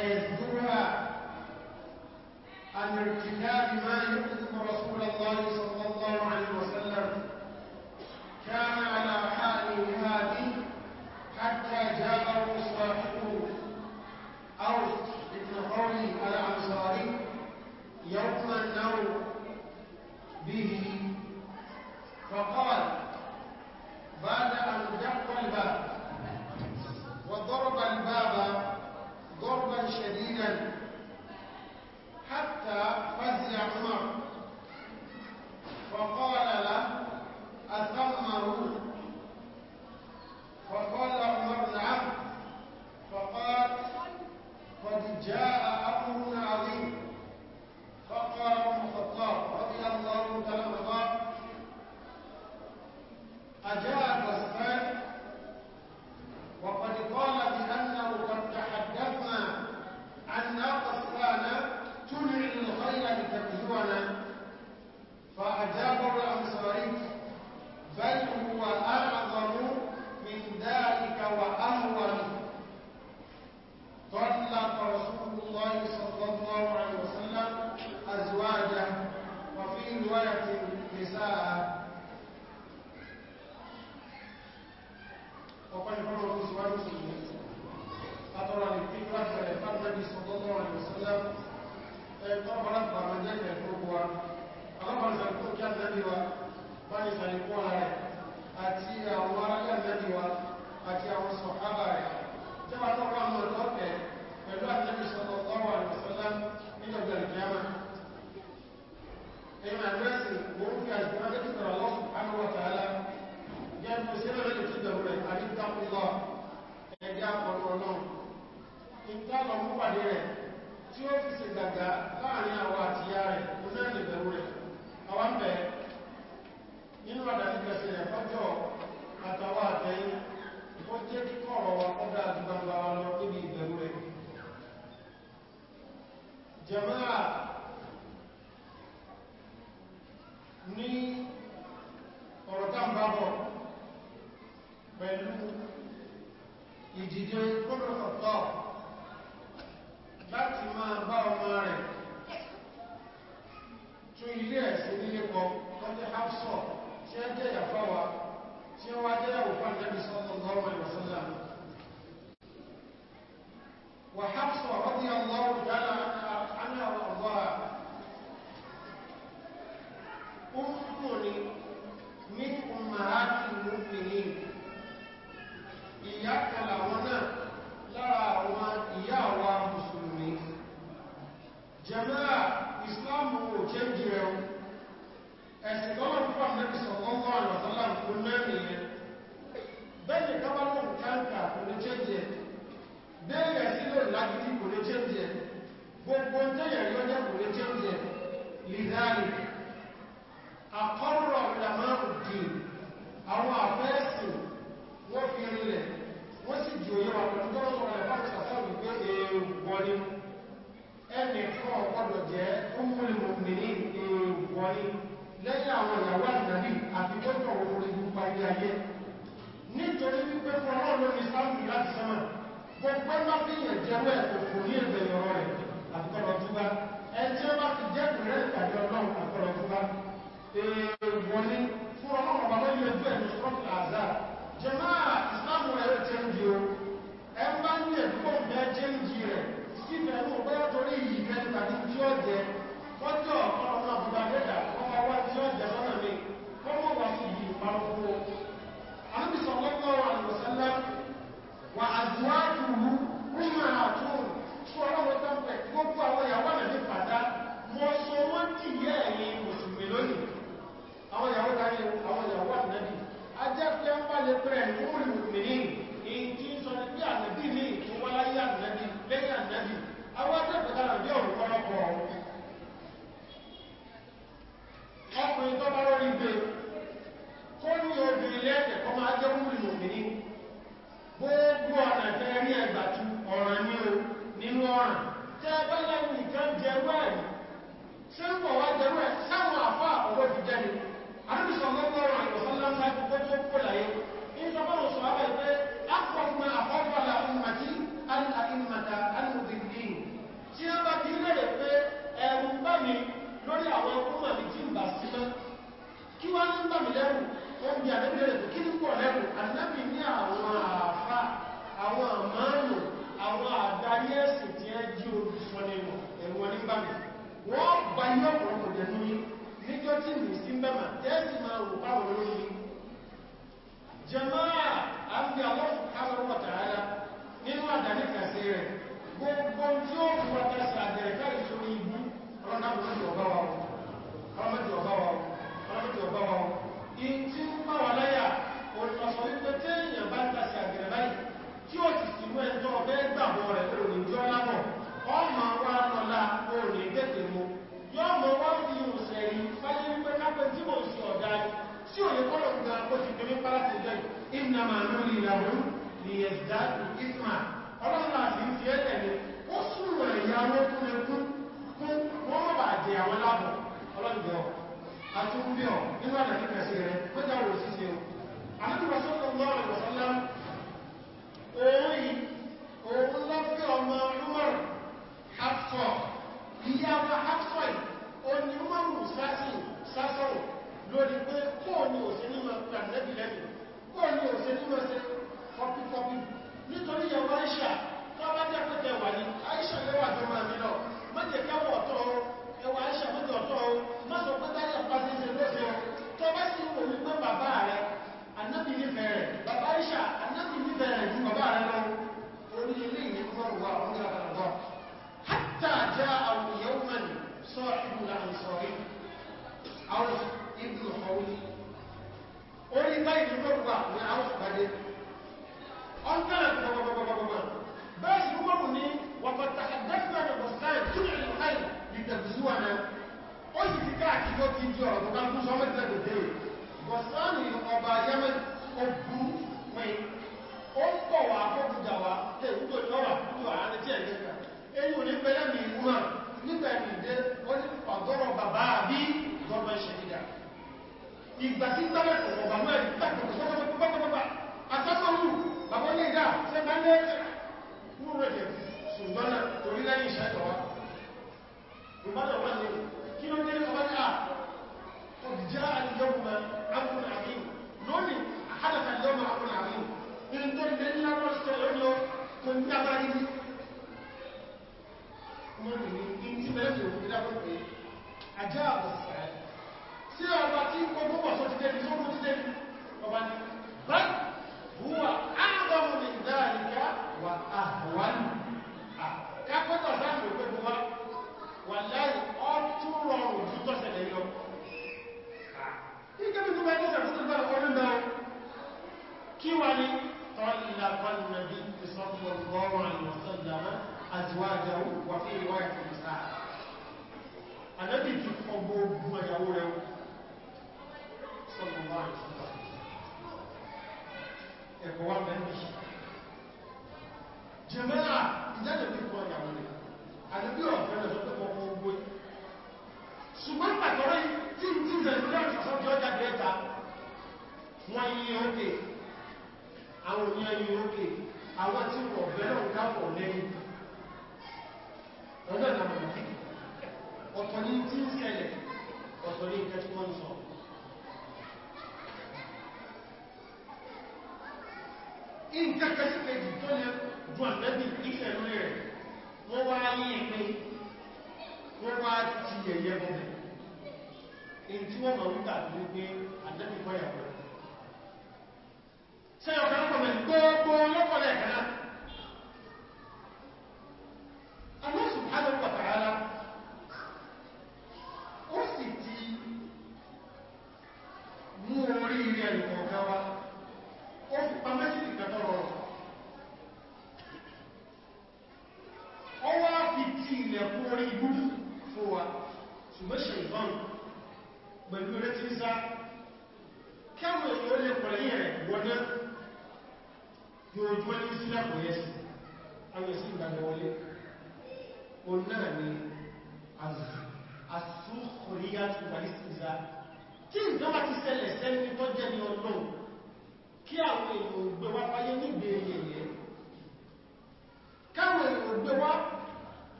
فيزجرها عن ارتكاب ما يؤذب رسول الله صلى chéńjì rẹ̀ o ẹ̀sìn tọ́lọ̀ fún àmẹ́bí sọ̀kọ́kọ́ àlọ́sọ́lá kó mẹ́rin yẹn bẹ́ẹ̀ni kábàlọ́ káńkà kò ní chéńjì ẹ̀ bẹ́ẹ̀rẹ̀ sí lò lágídí kò ní chéńjì ẹ̀ gbogbo jẹ́yẹ̀ yọjẹ́ kò ní chéńjì ẹ̀ lìdáàlì àkọ́rọ̀ ìlàmáàrùn-ún àwọn àfẹ́ẹ̀sìn wọ́n fi rinlẹ̀ wọ́n sì jù òyìnbà pẹ̀lú tọ́lọ̀ ẹnì kan ọ̀pọ̀lọ̀ jẹ́ ọmọlùmọ̀mìnì èèwọ̀nyí lẹ́yìn àwọn ìyàwó ànàbí àti tọ́jọ́ orí gbogbo ayé ayé nítorí wípé fọ́nà lórí sáàmù láti sánmà gbogbo ẹgbà fi yẹ̀ jẹ́wọ́ ẹ̀kòkò ní ẹ̀bẹ̀ ìrọ̀ rẹ̀ àkọlọ̀túbá ẹjẹ́ bá ti jẹ́ ìrẹ́ ìpàdé ọlọ́run àkọlọ̀túbá èèwọ̀ síbẹ̀ mú bẹ́yà torí ìfẹ́ tàbí tí ó jẹ kọjọ́ ọ̀pọ̀lọpọ̀ bùbá lẹ́dà ọmọ wá tí ó jẹ lọ́nà mi kọmọ wà sí ìyí parọ́kúrò alúbìsọ̀ lọ́pọ̀ àlùsẹ́lẹ̀ wà àdúwájúwú mímọ̀ àtún tí ọlọ́wọ́ tọ́pẹ̀ gbogbo àwọn ìyàwó rẹ̀ ní pàdá mọ sọ wọ́n dì yẹ́ ẹ̀yìn mùsùlùmí lónìí àwọn ìyàwó dáyé àwọn ìyàwó ànẹ́bì ajẹ́ pé ń bá lè pẹ̀rẹ̀ ìwúrí òmìnirí èyí tí ń sọ ní bí ànẹ́bì ní ìtúwọ́láyé ànẹ́bì lẹ́yìn ànábì àwọn akẹ́kọ̀ọ́tara bí ọ̀rọ̀ ọ̀pọ̀lọpọ̀ ọkùnrin tó bá lórí gbé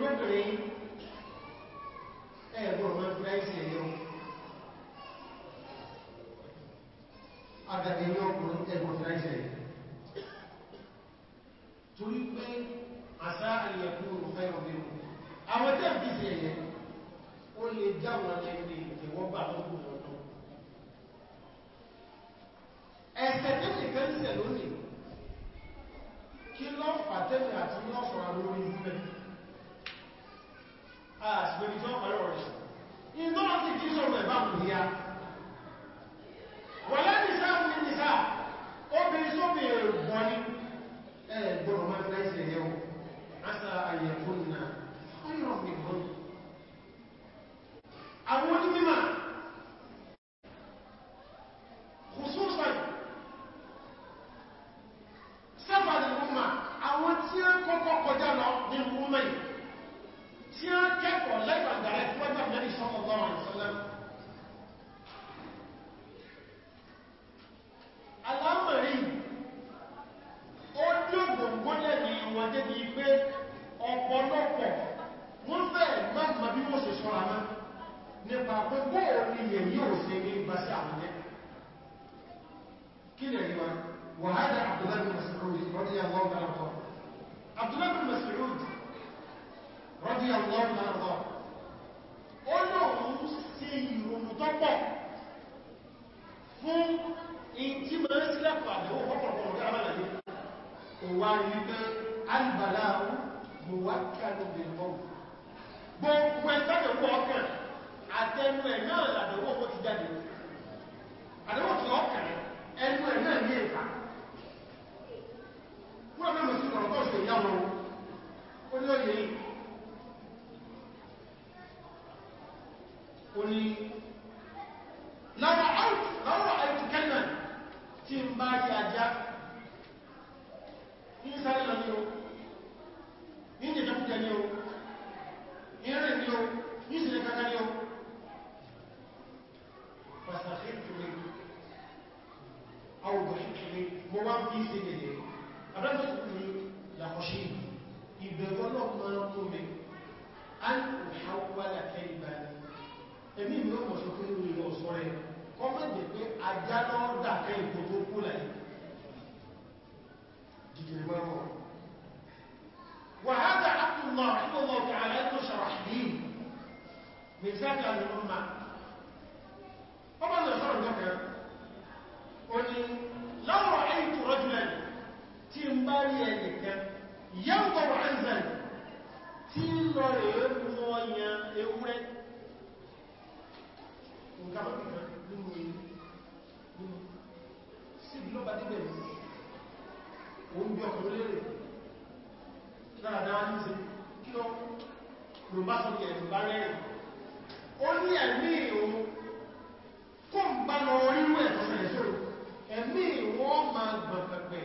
mẹ́bìnrin ẹ̀gbọ́n máa fi láìsí ẹ̀yọ́ àdàdé ní ọkùnrin ẹ̀gbọ́n fi láìsí ẹ̀yọ́ torí pé àṣà àyẹ̀kú òfẹ́ òmìnir àwọn tẹ́ fi sí ẹ̀yẹ ó lè wá rí pé alìbàlá mú wá kẹ́lú bèèrè gbogbo ẹgbẹ́gbẹ̀ pọ̀ ọkàn àtẹnu ẹ̀ náà làdọ̀wọ́ ó ti jáde àdọ̀wọ́ ti ọkàn ẹnu ẹ̀ náà ní èfà wọ́n mẹ́mọ̀ sí ọ̀rọ̀ tọ́sẹ̀ ìyá wọn ó lóye ó ní lára àìtù kẹ́lẹ̀ tí ń bá rí ajá sísáré lọ ní o ní ìjẹjẹkújẹ ní o ní ẹ̀rẹ̀ ní o ní ìsìnlẹ̀ kaka ní o pàṣàfẹ́ ìtùlẹ̀ àwùgbọ̀ ìtùlẹ̀ mọ́ wá bí sí ilẹ̀ adájọ́kùnrin làkọ̀ṣe ìbẹ̀rọ lọ́pọ̀ ọmọ ọmọ mi وهذا عبد الله رحمه الله تعالى انه شرح دين من زكاة الأمة وماذا صار ذكر قلت لو رأيت رجلا تنبالي لك ينظر عن ذلك تنظر يبنويا يورك nǹkan mọ́kànlá nínú ìlú síbi ló oúnjẹ ọkùnrin lérè dáradára ní ṣe kí ó ló bá sọ ẹ̀rù bá ẹ̀mí ìhun máa gbọ̀n pẹ̀pẹ̀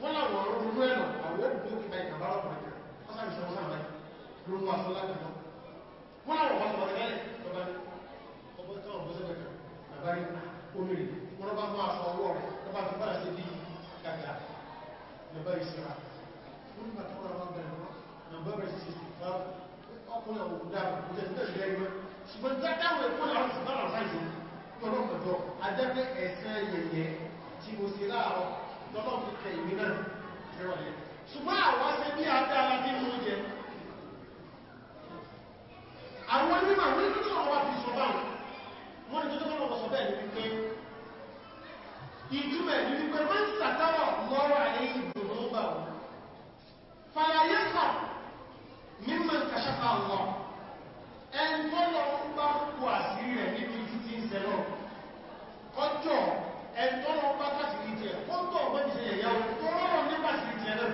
wọ́n láwọn ronú ẹ̀nà àwọn òbí ó fẹ́ ìkàbá ọkùnrin kan ọ́sàrì sọ ọ́sàrì láì lórúkọ àṣọlá kan náà wọ́n láwọn wọ́n sọ̀rọ̀ lẹ́yìn tọ́ba ọgbọ́n tó ọgbọ́n sẹ́lẹ̀ kan bàbá rí omi rẹ̀ wọ́n bá mú aṣọ ọwọ́ rẹ̀ lọ́ba fi bára sí bí gàgà lọ́ba ìṣẹ́ra wọ́n nígbà tó wọ́n wọ́n bẹ̀rẹ̀ wọ́n nà bọ́ bẹ̀rẹ̀ sí ọkùnrin ọ̀gbọ̀n dáa kò jẹ́ sílẹ̀ sílẹ̀ rí wọn ṣùgbọ́n dáadáa wọ́n ẹ̀kọ́ làwọn sì bá làwọn sáìsì tọ́lọ́mọ̀tọ́ adáfẹ́ ẹ̀sẹ̀ yẹ̀yẹ́ tí mo ṣe láàárọ̀ lọ́lọ́run fi kẹ ìmí náà ẹwà yẹn ṣùgbọ́n àwọn ṣe bí adé aládé mú jẹ àwọn onímọ̀ wọ́n ní tó wọ́n fi sọ báwọn wọ́n ní tó tó wọ́n sọ bẹ́ẹ̀ ní wípé ìtumẹ̀ ní wípé wọ́n sàtọ́rọ̀ lọ́rọ̀ àyẹ́ ìdùnnú bá wọn fàlàyé ọjọ́ ẹ̀tọ́ lọ bá kásìrí jẹ kọ́ntọ̀ ọgbọ́n ti yẹ̀yà tó rọrùn nípa sí jẹ náà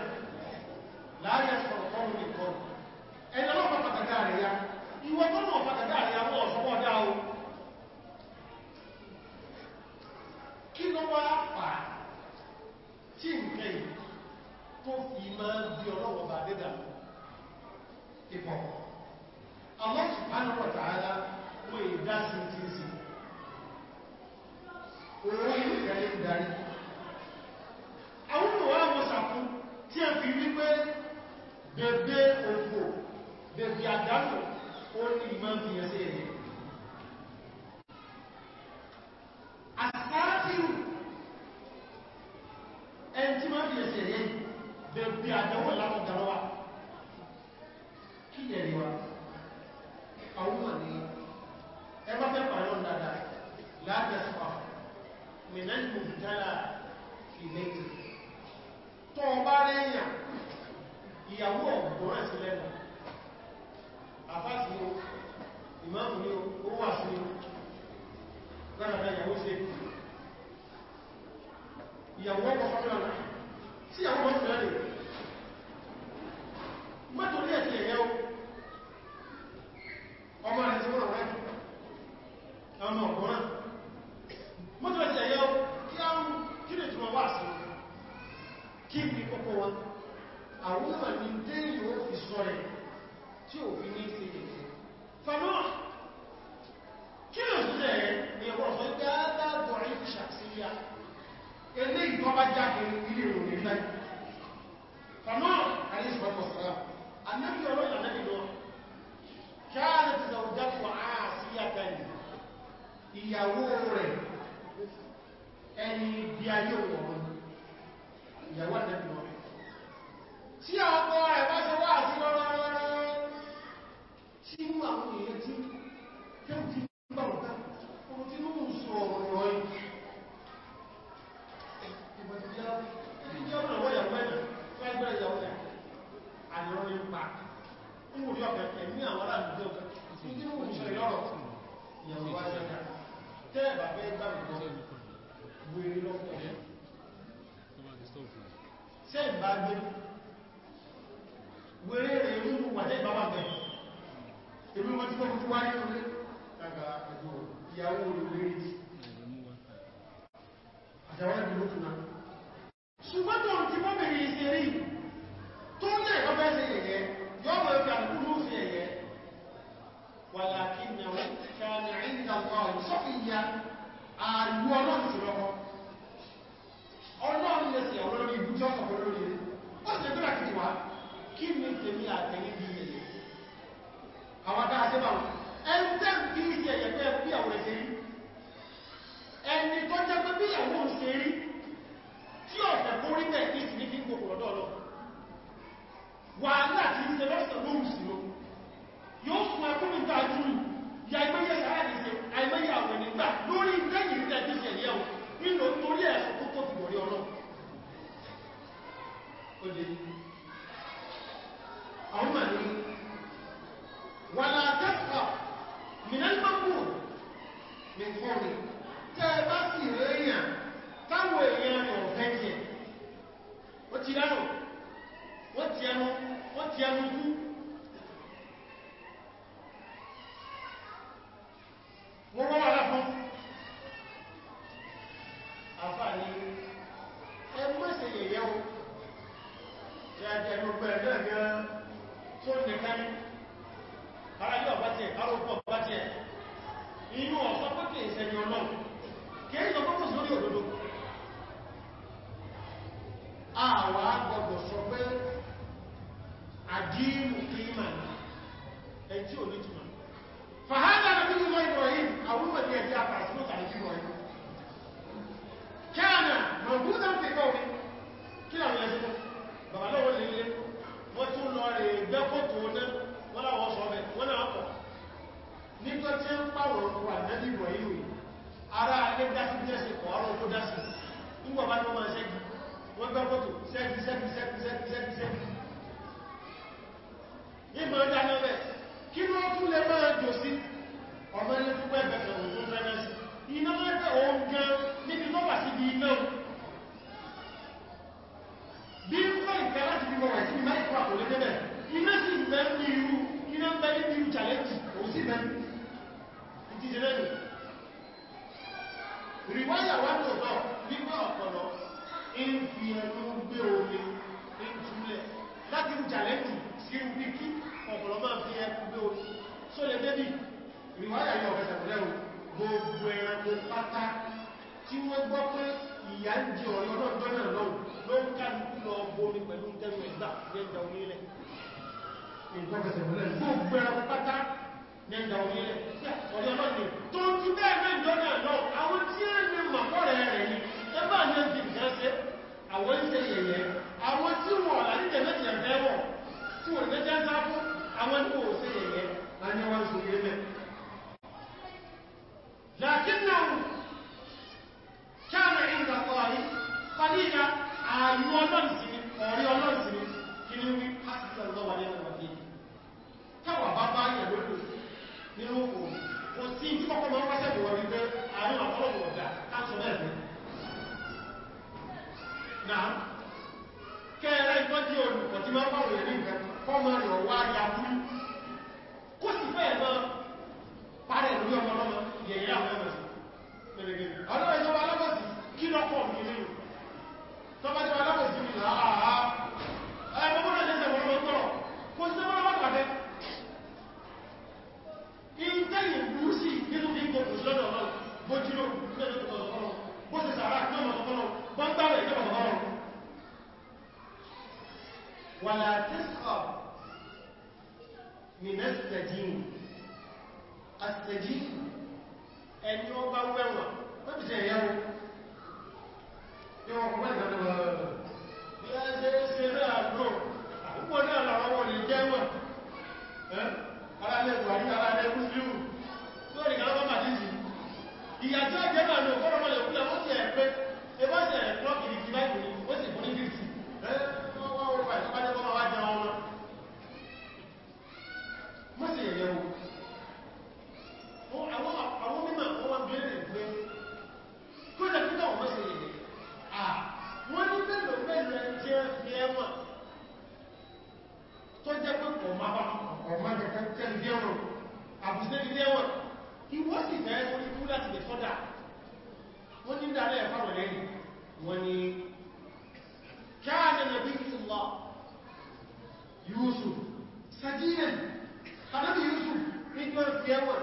láàrín ẹ̀sọ̀rọ̀ tọ́rù nìkan Katie. máa bá wọ̀nyẹ̀ ní nǹkan kọ́ máa lọ wá ya kú kó sì fẹ́ ẹ̀ máa parẹ́ lórí ọmọ lọ́mọ yẹ̀yẹ́ àwọn ولا تسخر من السجين السجين ẹni ó bá wẹ́wọ̀n wọ́n ti jẹ ìyàwó ní ọkùnrin ìgbàlẹ̀ bí a ṣe ṣe náà lọ púpọ̀ náà làwọn wọn lè jẹ́wọ̀n ti lẹ́wọ̀n kí wọ́n sì fẹ́ orí kú láti lè sọ́dà wọ́n ní dáadẹ́ ẹ̀fàwọ̀ lẹ́yìn wọ́n ni káàdẹ̀ nàbí ìsìnlá Yusuf sàdínà tàbí Yusuf nígbọ́n fi ẹwọ̀n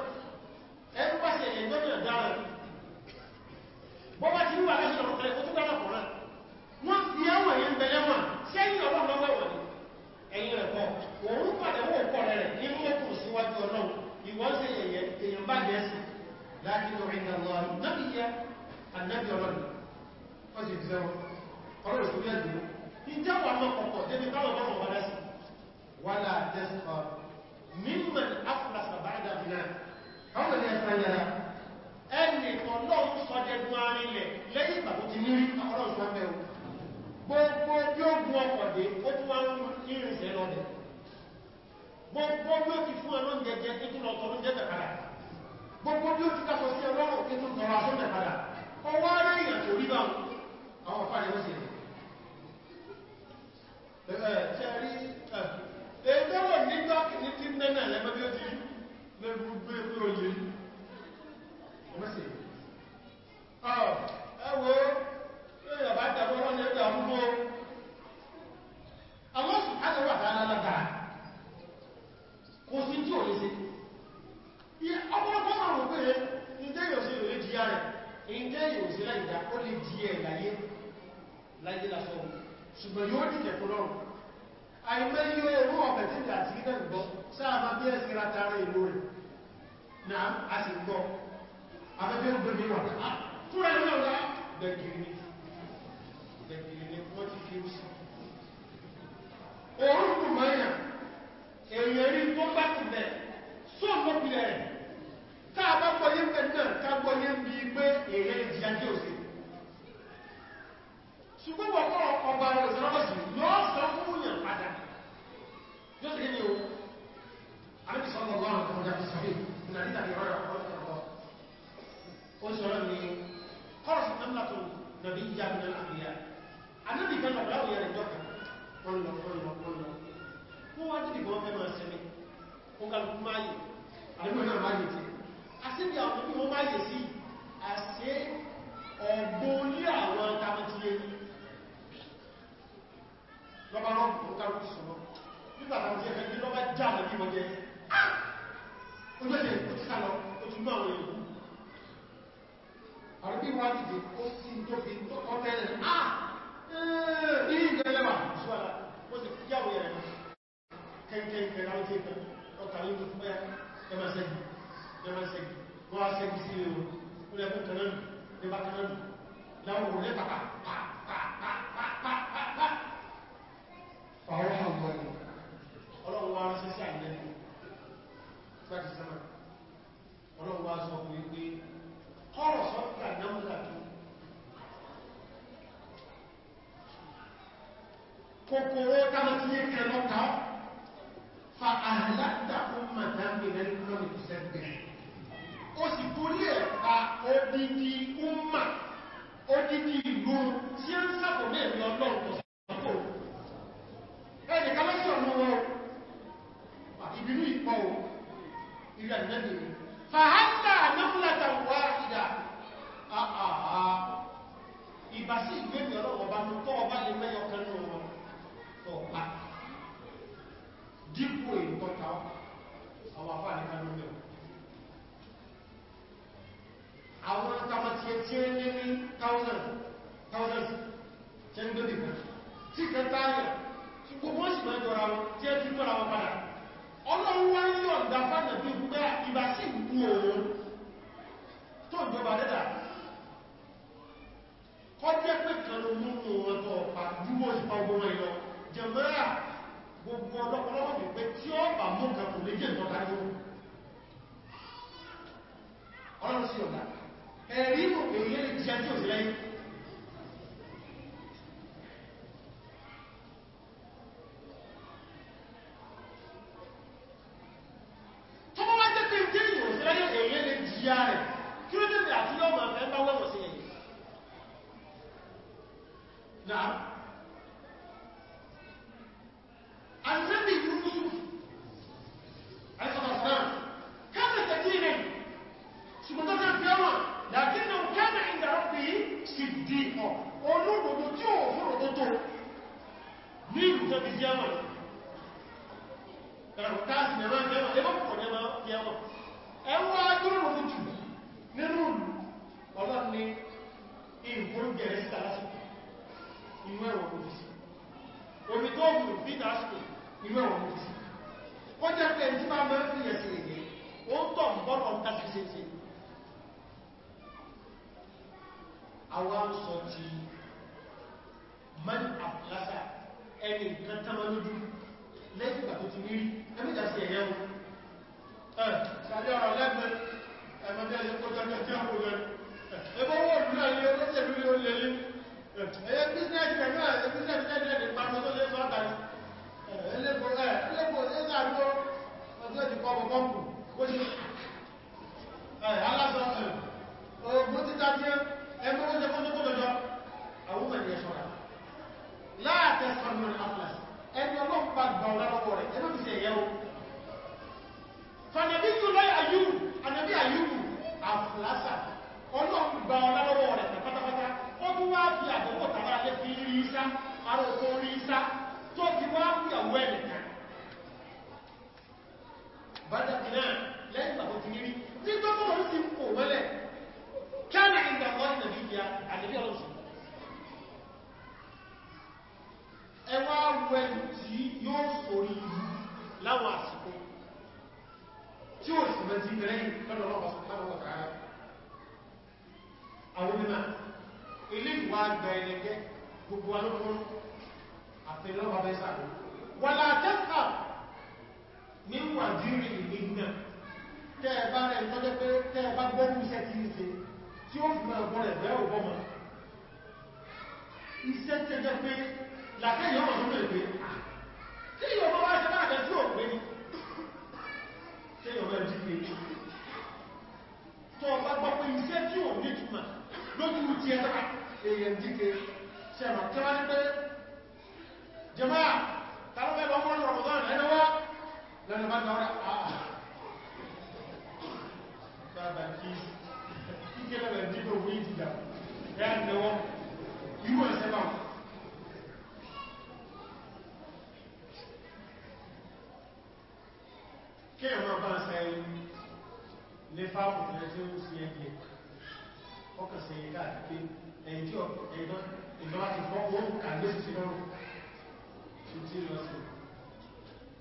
lórí náà a sì gbọ́ afẹ́fẹ́ gbẹ̀mí wà ah, fúnra ní ọ̀lá dẹ̀gìrì dẹ̀gìrì ní wọ́n ti fi sí òun kù mọ́yà èyàn rí tó bá ti bẹ̀ sóòn lọ́pìlẹ̀ rẹ̀ káà bá gbọ́yé ń bẹ̀ náà ká gbọ́yé ń bí pé èyàn àmì sọ́lọ́ lọ́rùn tó kọjá sọ́rí ìnà nígbà ní ọ̀rọ̀ ọ̀pọ̀ ọ̀pọ̀ ó sọ̀rọ̀ ní kọ́rọ̀ sí mẹ́mlá tó nàbí ìjà ní àbíyá anábì kan lọ láwùyá rẹ̀ jọ́ka wọ́n lọ wọ́n lọ wọ́n lọ wọ́n wá dìdì bọ́ fẹ́ máa sẹ́mi ó ga lókun máa yè àdébò náà máa yè tí ojú wá dìde sí ìrò láti sẹ́mà ọlọ́run wá sọ pé pé kọ́rọ̀ sọ́pẹ́ àdámúlà tó kòkòrò támatíyé kẹlọ́ta fa àhàlátà fún màdámi lẹ́nu lọ́nà ìsẹ́gbẹ̀ ó sì torí ẹ̀ pa odidi Now, àròkò orí sá tó ti wá fìyàwó ẹ̀lẹ̀kan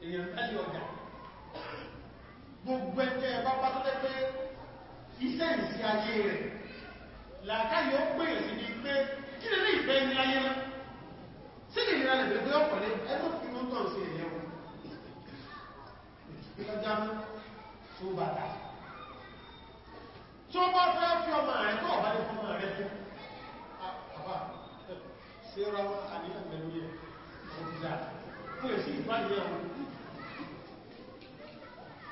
èèyàn mẹ́lì ọjà gbogbo ẹgbẹ́ ẹbá pátọ́lẹ́ pé iṣẹ́ ìsí ayé rẹ̀ làkáyé ó pè sí ní pé kí lè ní ìfẹ́ ní ayé rẹ̀ sí ní ìrìnlẹ̀ pẹ̀lú ọ̀pọ̀lẹ́ ẹgbẹ́ fi mú tọ́ sí ẹ̀yẹ wọn ìlọ́jà mú tó bàtà tó bá fẹ́ fi ọmọ rẹ̀ tó ọ̀bá lè fọmọ rẹ̀ fún àbá sí ra àníyàn pẹ̀lú yẹ fún èsì ìbáyé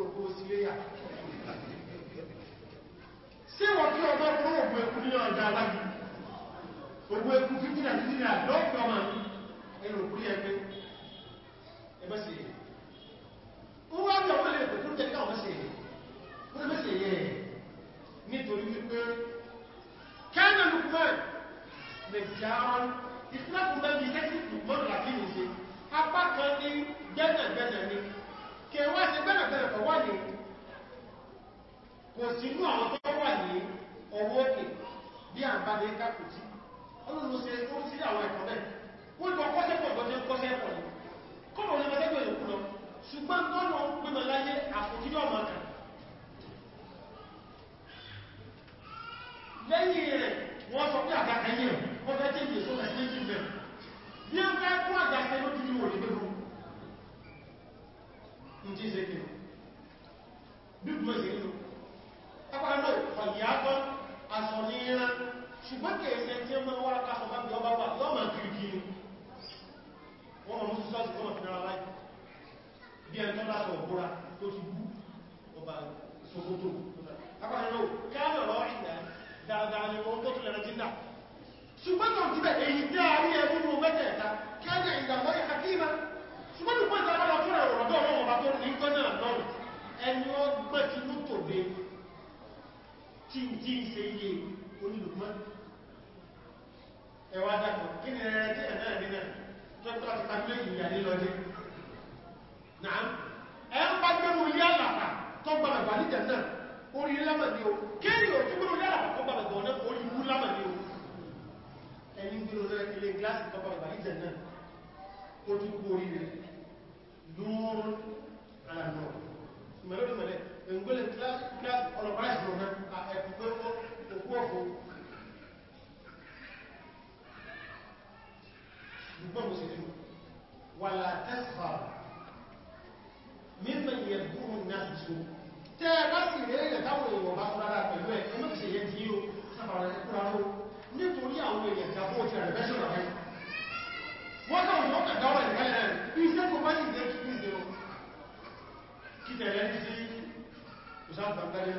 orúkọ síléyà sí wọ́n kí ọgbọ́ fún ògùn ẹkù nínú ọjà alájú ògùn ẹkù fífínà fífínà lọ́pọ̀ ọmọ mi ẹnu òkú ní ẹgbẹ́ ẹgbẹ́ sí ẹ̀ ó wá bí ọmọ ilẹ̀ òkú tẹ́ káwọn sí ẹ̀ ó lè mẹ́sẹ̀ yẹ nítorí wípé kẹ́nà lukman lè jà ọ́n ìfúnlẹ̀kùn bẹ́ẹ̀ bí iṣẹ́ sí lukman làkíyèsí apá kan ní gbẹ́nàgbẹ́nà ni kẹwà sí gbẹ́nàgbẹ́nà tó wà ní kò sínú àwọn tó wà ní ọwọ́ òkè bí à ń bá ní kákùtì olùlù sí ó sí àwọn ẹ̀kọ́ bẹ́ẹ̀ wọ́n jọ kọ́sẹ́pọ̀ tó ti kọ́sẹ́pọ̀ ní kọ́nà ní mẹ́tẹ́gbẹ̀ ìlú lọ ṣùgbọ́n tọ́nà gbẹ́nà láyé àfòjúdọ̀ ọmọ kan lẹ́yìn rẹ̀ wọ́n sọ pé àgbàkà yẹ̀ wọ́n fẹ́ tí ìgbésó ẹ̀sìn méjì bẹ̀rẹ̀ bí ó fẹ́ kó àgbàkà lójú ìwò ìgbẹ̀rún tí ṣe kìnnà dúdú ẹ̀ṣẹ̀ nínú apákanlọ́ fàyàkọ́ aṣọ ní ìran ṣùgbọ́n kèèṣẹ́ tí wọ́n wá kásọ bá bí ọba wà lọ́mà kìrìkìrì wọ́n mọ̀ mọ́sí sọ́sì lọ́mà fìdára láì bí ẹn tọ́lá sọ búra tó ti bú ọba sokoto apákanlọ́ káàlọ̀rọ̀ ìdá dáadáa ni wọ́n tó tún lẹ́rẹ̀ jíndà ṣùgbọ́n tó ti bẹ̀ èyí tí a rí ẹgbùn mẹ́tẹ̀ẹ̀ta kẹ́ ṣùgbọ́n nípa ìjọba lọ fún ẹ̀rọ ọ̀dọ́ ọmọ ọba tó ní ń tọ́nà náà ẹni ọgbẹ́ ti ló tòde tí ń tí ń ṣe iye onílùmọ́ ẹwà dàpọ̀ kí ni ẹrẹ tí ẹ̀nà ẹ̀rí náà tó pẹ́ láti ta mílẹ̀ ìyà ní lọ́dẹ́ náà ẹ ń bá gbẹ́rù ilé àlàpà tó gbàgbà níjẹ̀ náà orí lámà ní o kéèrè òjú gbẹ́rù ilé àlàpà tó gbàgbà náà orí mú lámà ní o ẹni gbẹ́rù ilé gíláàsì tó gbàgbà níjẹ̀ náà ojú orí rẹ̀ lóòrùn àlànà ìmọ̀lẹ́dùnmọ̀lẹ́ ìgbẹ́lẹ̀ kílá ọlọ́pàá ìgbọ̀nà ẹ̀kùnkùn òkú ọ̀fọ́ gbogbo sí jù wà látẹ́sà mímọ̀ yẹ gúrù náà sí so tẹ́ bá sì rẹ̀ èyàn táwọn èèyàn bá fúnra pẹ̀lú ẹ̀ ọmọ ìṣẹ̀yẹ tí yíò sábàrẹ̀ nítorí àwọn èèyàn tàbí ti rẹ̀ mẹ́sàn dọ́rọ̀ ìrẹ́lẹ̀ iṣẹ́ kò bá ní ìdẹ́kì ìdẹ́kì kìtẹ̀lẹ́ sí ìṣàtàgbẹ́lẹ́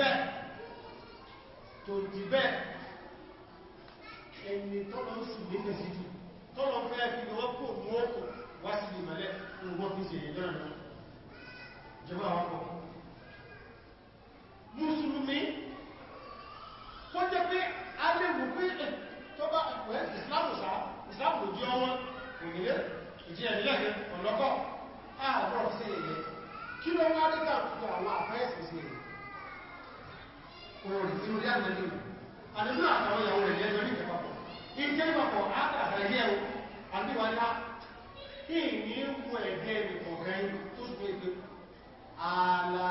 bẹ́ẹ̀ tó ti bẹ́ẹ̀ ẹni tọ́lọ ń sì lé sí jù tọ́lọ fẹ́ fi lọ kò mú ọkọ̀ wá sí ìmọ̀lẹ́ fún ọgbọ́n fi ṣe náà náà jẹba àwọn mùsùlùmí kó jẹ́ pé a lè wù pé tọ́bá ẹ̀kọ́ ìsìláàmù sáà ìsìláàmù jí ọwọ́ òmìnir ìjìyàn nílẹ̀ ọ̀lọ́kọ̀ ààbọ̀ sí èyẹ kí lọ wá dẹ́kà àwọn àfẹ́ ìsìnkú òòrùn sínú ilé àjẹ́lú àdínú àtàwọn ìyàwó rẹ̀ lẹ́jọ́ ní ìjẹpapọ̀ ìjẹ́ ìpapọ̀ àtàdàyẹ́ o àdíwájá ìní wo ẹ̀gẹ́ ìkọ̀ọ̀kan tó ṣùgbọ́ ìpé ààlà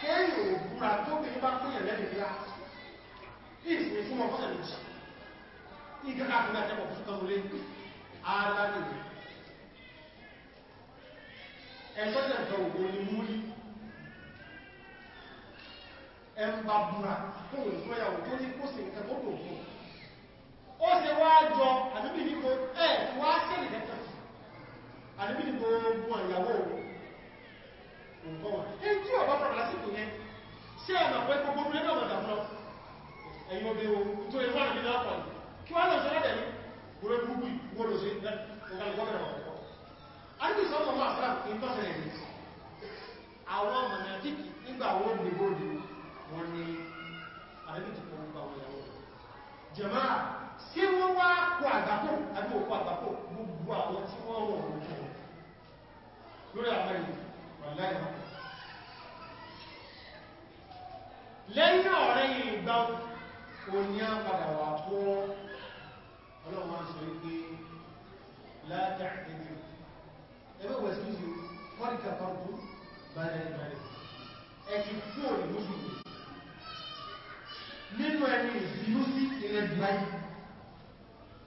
kẹ́yìn òbúra tó bí bá kúnyẹ̀ lẹ́nu bí a ìsinmi fún ọkọ̀ ẹ̀lú jì ìgbẹ́ka fún àtẹ́kọ̀ fún kan wọlé ààlà nìyẹn ẹ̀sọ́tẹ̀ ìjọ ògbò ni múlí ẹnba búra fún òṣùwọ́ ìyàwó tó ní kó sì nǹkan tó kò fún ó ṣe wá jọ àdúgbì ní kò ẹ̀ wá sí ìdẹ́kẹ́ àdúgbì ní gbogbo ìyàwó òǹkọ́wà ẹ̀ tí ọ̀bá fọ̀rọ̀ lásìkò yẹn sí ẹ̀mà pẹ́ gbogbo ní ẹ̀mà mọ̀dà fún ẹ̀yìn obì o tó lè wà nílá pọ̀ kí wọ́n lọ sọ lọ́dẹ̀ ní gbogbo gbogbo ìgbòrò sí ìgbàlùgbọ́n àwọn mọ̀nà tíkì nígbà wọ́n ní bóòdì wọ́n ní àdébì ti fọ́n pa wọ́n jẹ̀má sí wọ́n wá kó àgbàkó àbí òkú àgbàkó gbogbo àwọn tí wọ́n rọ̀ òun kẹ́ lórí àmẹ́rin wà láì mọ́ lẹ́yìn ọ̀rẹ́ yìí fún òní lóṣùlùmí nínú ẹni ìbínú sí ilẹ̀ dubai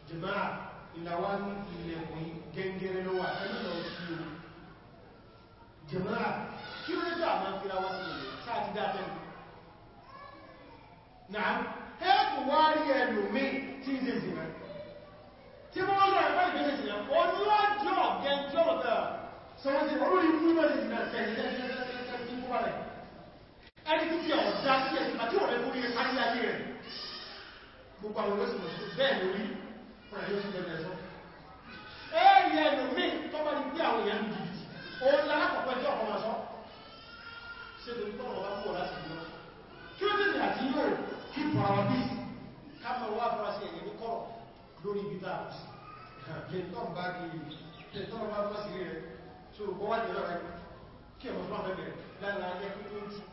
jẹmáà ìlàwà ní ilẹ̀ òyìn gẹ́gẹ́rẹ́ lọ́wà ẹlọ́lọ́ sí o jẹmáà kí ló dá àmà fíra wá sí ilẹ̀ sáà ti dá tẹ́lú náà ẹ́kù wá rí ẹlòmí tí ń ṣe ìsìnà tí wọ́n lọ ẹ̀kọ́ ìgbésẹ̀ ẹni tí ọ̀ dá sí ẹ̀sìn àti ọ̀rẹ́ lórí ayé ayé rẹ̀ gbogbo àwọn olóṣèlú tó bẹ́ẹ̀ lórí ọ̀rẹ́ ló ti bẹ̀rẹ̀ sọ ẹ̀rì ẹnu mí tó bá ní pé àwọn èèyàn ń jìbìtì òun lálákọ̀ọ́kọ́ ẹjọ́ ọ̀kan máa sọ ṣe tó ní tọ́rọ wá pọ̀ láti lọ kí ó dìrì àti yóò kí pàrọ̀ bí ká mọ̀ wá fọ́ra sí ẹ̀yẹ̀ ní kọ́rọ̀ lórí ibi tá a kì í tọ́rọ bá kí í tọ́rọ bá fọ́ra sí rẹ̀ tó kọ́ wá jẹ́ lọ́rẹ́ kí ẹ̀mọ̀ fún àbẹ́bẹ̀ lára ayẹ́ kí ó ń tún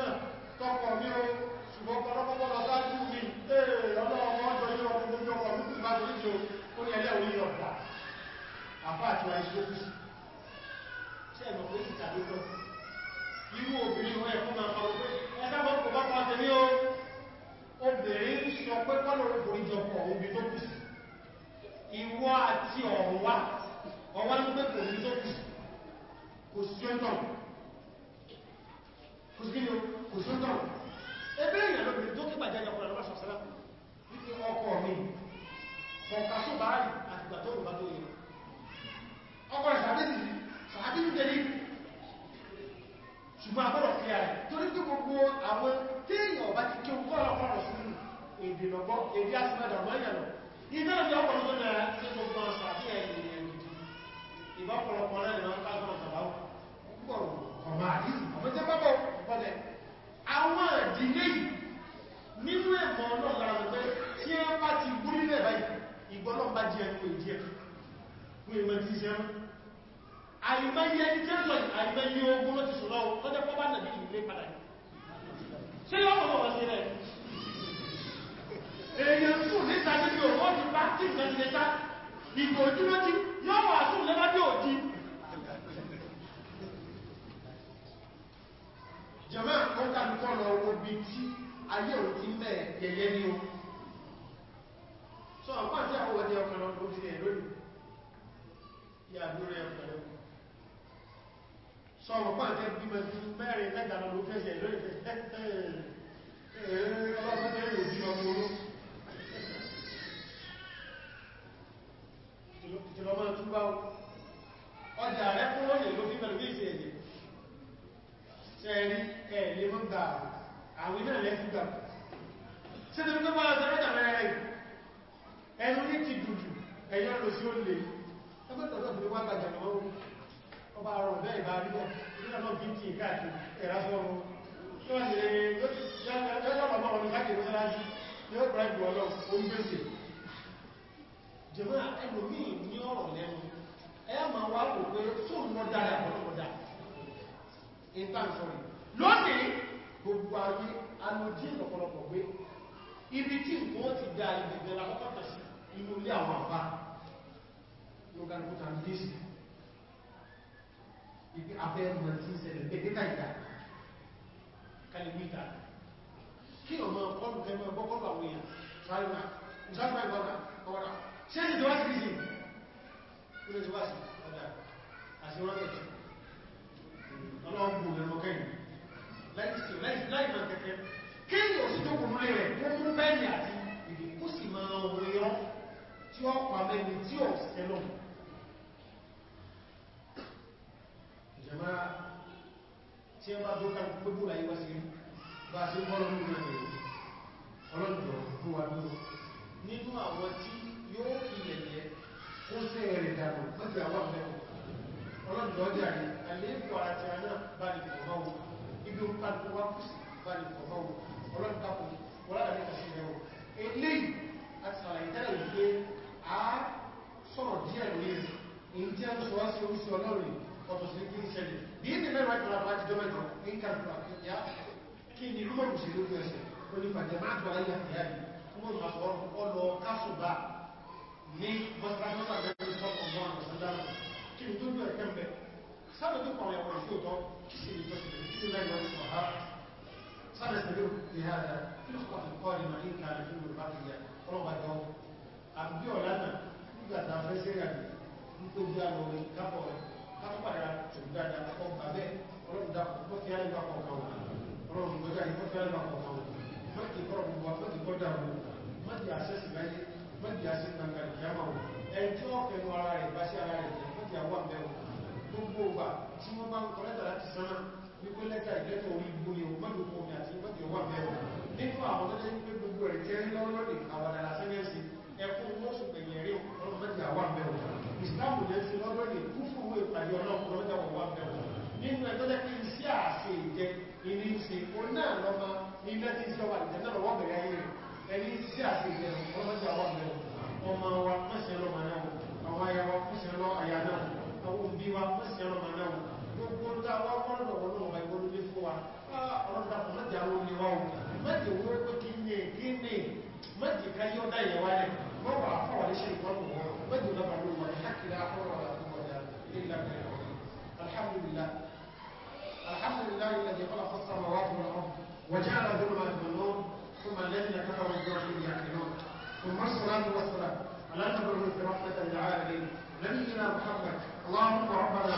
àfá àti wa iṣẹ́ òkú ṣe ẹ̀mọ̀ pé ìta ló lọ irú obìnrin wọ́n ẹ̀kún máa pa ọgbẹ́ ẹ̀sàbọ̀ kò bá pàtẹ ní o obìnrin sọ pé kọ́nà orí jọpọ̀ obi tó kù sí ìwọ àti ọ̀rọ̀ wa ọwọ́ ń pẹ́ kò ní tó kù sí kò sí ọ̀tọ̀ kò sí kò sí ọ̀tọ̀ ẹgbẹ́ èèyàn lóbìnrin tó kí bàjẹ́ ọkọ̀ lọ́wọ́ sọ̀sẹ́lá wípé ọkọ̀ ọkọ rẹ̀ sàbẹ́sì rí sàbí ń tẹ́lé ṣùgbọ́n àbọ̀rọ̀ fi ààrẹ torí pé gbogbo àwọn téèyàn ọba ti kí ogún ọlọ́pàá rọ̀ sí èdè lọ́gbọ́ èdè àtìmọ́dà ọmọ èèyàn lọ iná ni ọ̀pọ̀lọpọ̀ náà ṣe gbogbo sàbí ẹ̀yìn ìbọ̀pọ̀lọpọ̀ náà ni wọ́n ká sọ̀rọ̀ sàbáwọ̀ púpọ̀ ọmọ àdìsí ọmọ jẹ́ bọ́bọ̀ bọ́lẹ̀ àwọn àdìlé nínú ẹ̀mọ́ náà lára pé tí wọ́n bá ti gúrí lẹ̀ báyìí ìgbọ́lọ́ bá jẹ́ ẹ̀kọ́ ìdí ẹ̀kọ́ fún ìmọ̀ tí ṣe mú àìmọye jẹ́lọ àìmọye ogun ló ti sọ lọ́wọ́ tó jẹ́ pọ́bá nàbí ilé padà ní ṣe lọ́pọ̀ wọ́n sí rẹ̀ èèyàn tún níta níbi òwò ti bá tí nǹkan ti lẹ́ta ìgbò ojúmọ́ ti yọ́ wà tún lẹ́bá bí òjì jẹ́mọ́ àkọ́kàlùkọ́ lọ owó bí tí ayé òun ti mẹ́ yẹyẹ ní o sọ àpá àti àwọn ọdẹ ọkọ̀ lọ ìyàdó rẹ̀ pẹ̀lú sọ̀rọ̀ pàá jẹ́ bí mẹ́jú mẹ́rin mẹ́ta lọ ló fẹ́sẹ̀ lórí ọjà rẹ̀ fún lóyè ló fi mẹ́rin bí ìsẹ̀ẹ̀dẹ̀ ṣẹ́rí ẹ̀ẹ̀lẹ́ mọ́ gbà àwìn náà lẹ́fún gbà ṣe tó bí kọ́ bá ọjọ́ rẹ̀ ẹnu ní ti dùdù jẹ̀mọ́ ẹlòmí ní ọ̀rọ̀ lẹ́nu ẹ ma wá kò pé tó mọ́ dára ọ̀pọ̀lọpọ̀dá ìtànsọ̀rọ̀ lónìí gbogbo ayé alójí ọ̀pọ̀lọpọ̀ pé ibi tí nǹkan ti dá ibi gẹ̀rẹ̀ akọ́kọ́ tẹ̀sí inú ilé àwọn àbá tó ga lókúta ń dé sí ibi abẹ́ ẹ̀mọ̀ tí ń ṣẹlẹ̀ pẹ̀lẹ́kà ìdá kalimita kí ọmọ ọkọlù ẹmọ ọgbọ́kọlù àwọn èèyàn tààrínà ìsáàgbà ìgbọ́nà ọwọ́dà ṣe ní ìjọwá sí bí i kí ló ti wá sí ọjà àti rọ́kẹ̀tì ọlọ́ọ̀gbùn ẹ̀rọ kẹ́yìn láìsìláìmọ̀ kẹ́kẹ́ kí yóò sí tó kùnú rẹ̀ tó mú bẹ́ẹ̀ni àti ìdíkú sì máa wọ́n yọ́ tí ó pàmẹ́ni tí ó sẹ́lọ́mù jẹmọ́ tí ó bá dókà gbogbo láyé wá sí bá sí ọlọ́run ọlọ́jọ́ tó wà ní nínú àwọn tí yóò ilẹ̀ yẹ kó sí ẹ̀rẹ̀ dànù mọ́tí àwọn mẹ́rin ọlọ́jọ́ ọjà rí àléèkò àti àná bá ní fọ̀mọ́wò ibi ó pàdé wá kú sí bá ní fọ̀mọ́wò ọlọ́dàkùn wọ́láàrí kàṣí ẹ̀wọ̀ eléyìí àti sàlàyé tẹ́lẹ̀ wípé a sọ̀rọ̀ ọlọ́rin ọ̀tọ̀sílẹ̀ ṣẹlẹ̀ bí i mẹ́rin wájú rápá jíjọ mẹ́ta ní kàrùkà ya kí ni rúmọ̀ ìṣẹ̀lẹ̀ òfin ẹ̀sẹ̀ ó ní pàdé máa tó ayé àyàrí fún ọmọ sọ̀rọ̀ ọlọ kásùbà ní bọ́sítàkọ́sà mẹ́rin sọ́kọ̀ mọ́ àwọn sọ́dára kí ni tó bí ẹ̀kẹ́ mbẹ́ sábẹ̀ tó pàwọn ẹ̀kọ́ sí òtọ́ kí sì ní tọ́sí kí ni láì wọ́n sọ̀ ha sábẹ̀ sẹ́lẹ̀ òkè ha ya kí ló pàtó kọ́ ni màá ń ka àdúgbò yorùbá ti yà ọlọ́ba jọ àbí ọ̀lànà nígbà tá a fẹ́ sẹ́yà ní gbogbo àwọn ìkápọ̀ rẹ̀ ń padà tẹ̀lú dáadáa akọ́ bàbẹ́ ọlọ́run dákọ̀ tó fi àríwá kọ̀ọ̀kan ọlọ́run gbọ́dá ní tó fi àríwá kọ̀ọ̀kan mọ́kì kọ́rọ̀ gbogbo mọ́kì kọ́dá wo mọ́kì àṣẹ́sì láyé mọ́kì àṣẹ gbangba ìyáma wo ẹni tí wọ́n fẹnu ara rẹ̀ bá sí ara rẹ̀ jẹ́ mọ́kì àwọn àbẹ́ wo gbogbo wa tí wọ́n bá ń kọ́ lẹ́tà láti sánà wípé lẹ́tà ìlẹ́tọ̀ orí gbogbo ni òmọ́dù kọ́ omi àti mọ́kì àwọn àbẹ́ wo nínú àwọn tó jẹ́ wípé gbogbo rẹ̀ jẹ́ lọ́wọ́lọ́dì àwọn àlàsẹ́mẹ́sì ẹkùn mọ́sùn pẹ̀lú ẹ̀rí ọlọ́mọdé àwọn àbẹ́ wo ìsìláàmù gbogbo ìpàdé ọlọ́pọ̀ lọ́jà wọ̀ wá bẹ̀rẹ̀ nínú ẹ̀ tọ́jẹ́ pé iṣẹ́ àṣẹ ìjẹ ìní ṣe kó náà lọ́mọ iná tí iṣẹ́ wà ìjẹ náà wọ́ bẹ̀rẹ̀ ayé rẹ̀ ẹni iṣẹ́ àṣẹ ìjẹ ọlọ́jà wọ́ bẹ̀rẹ̀ ọmọ wa mọ́sẹ̀ lọ́mọ náà àwọn aya wa mọ́sẹ̀ lọ́ aya náà wọn lọ́wọ́ ìgbólódé ló ah, o mọ́jà wọ́n pé kí إلا الحمد لله الحمد لله الذي خلق السماوات والأرض وجعل ظلمات والنور ثم الذين كفروا بربهم يعقلون ثم الصلاة والسلام على المبعوث رحمة للعالمين نبينا محمد اللهم ربنا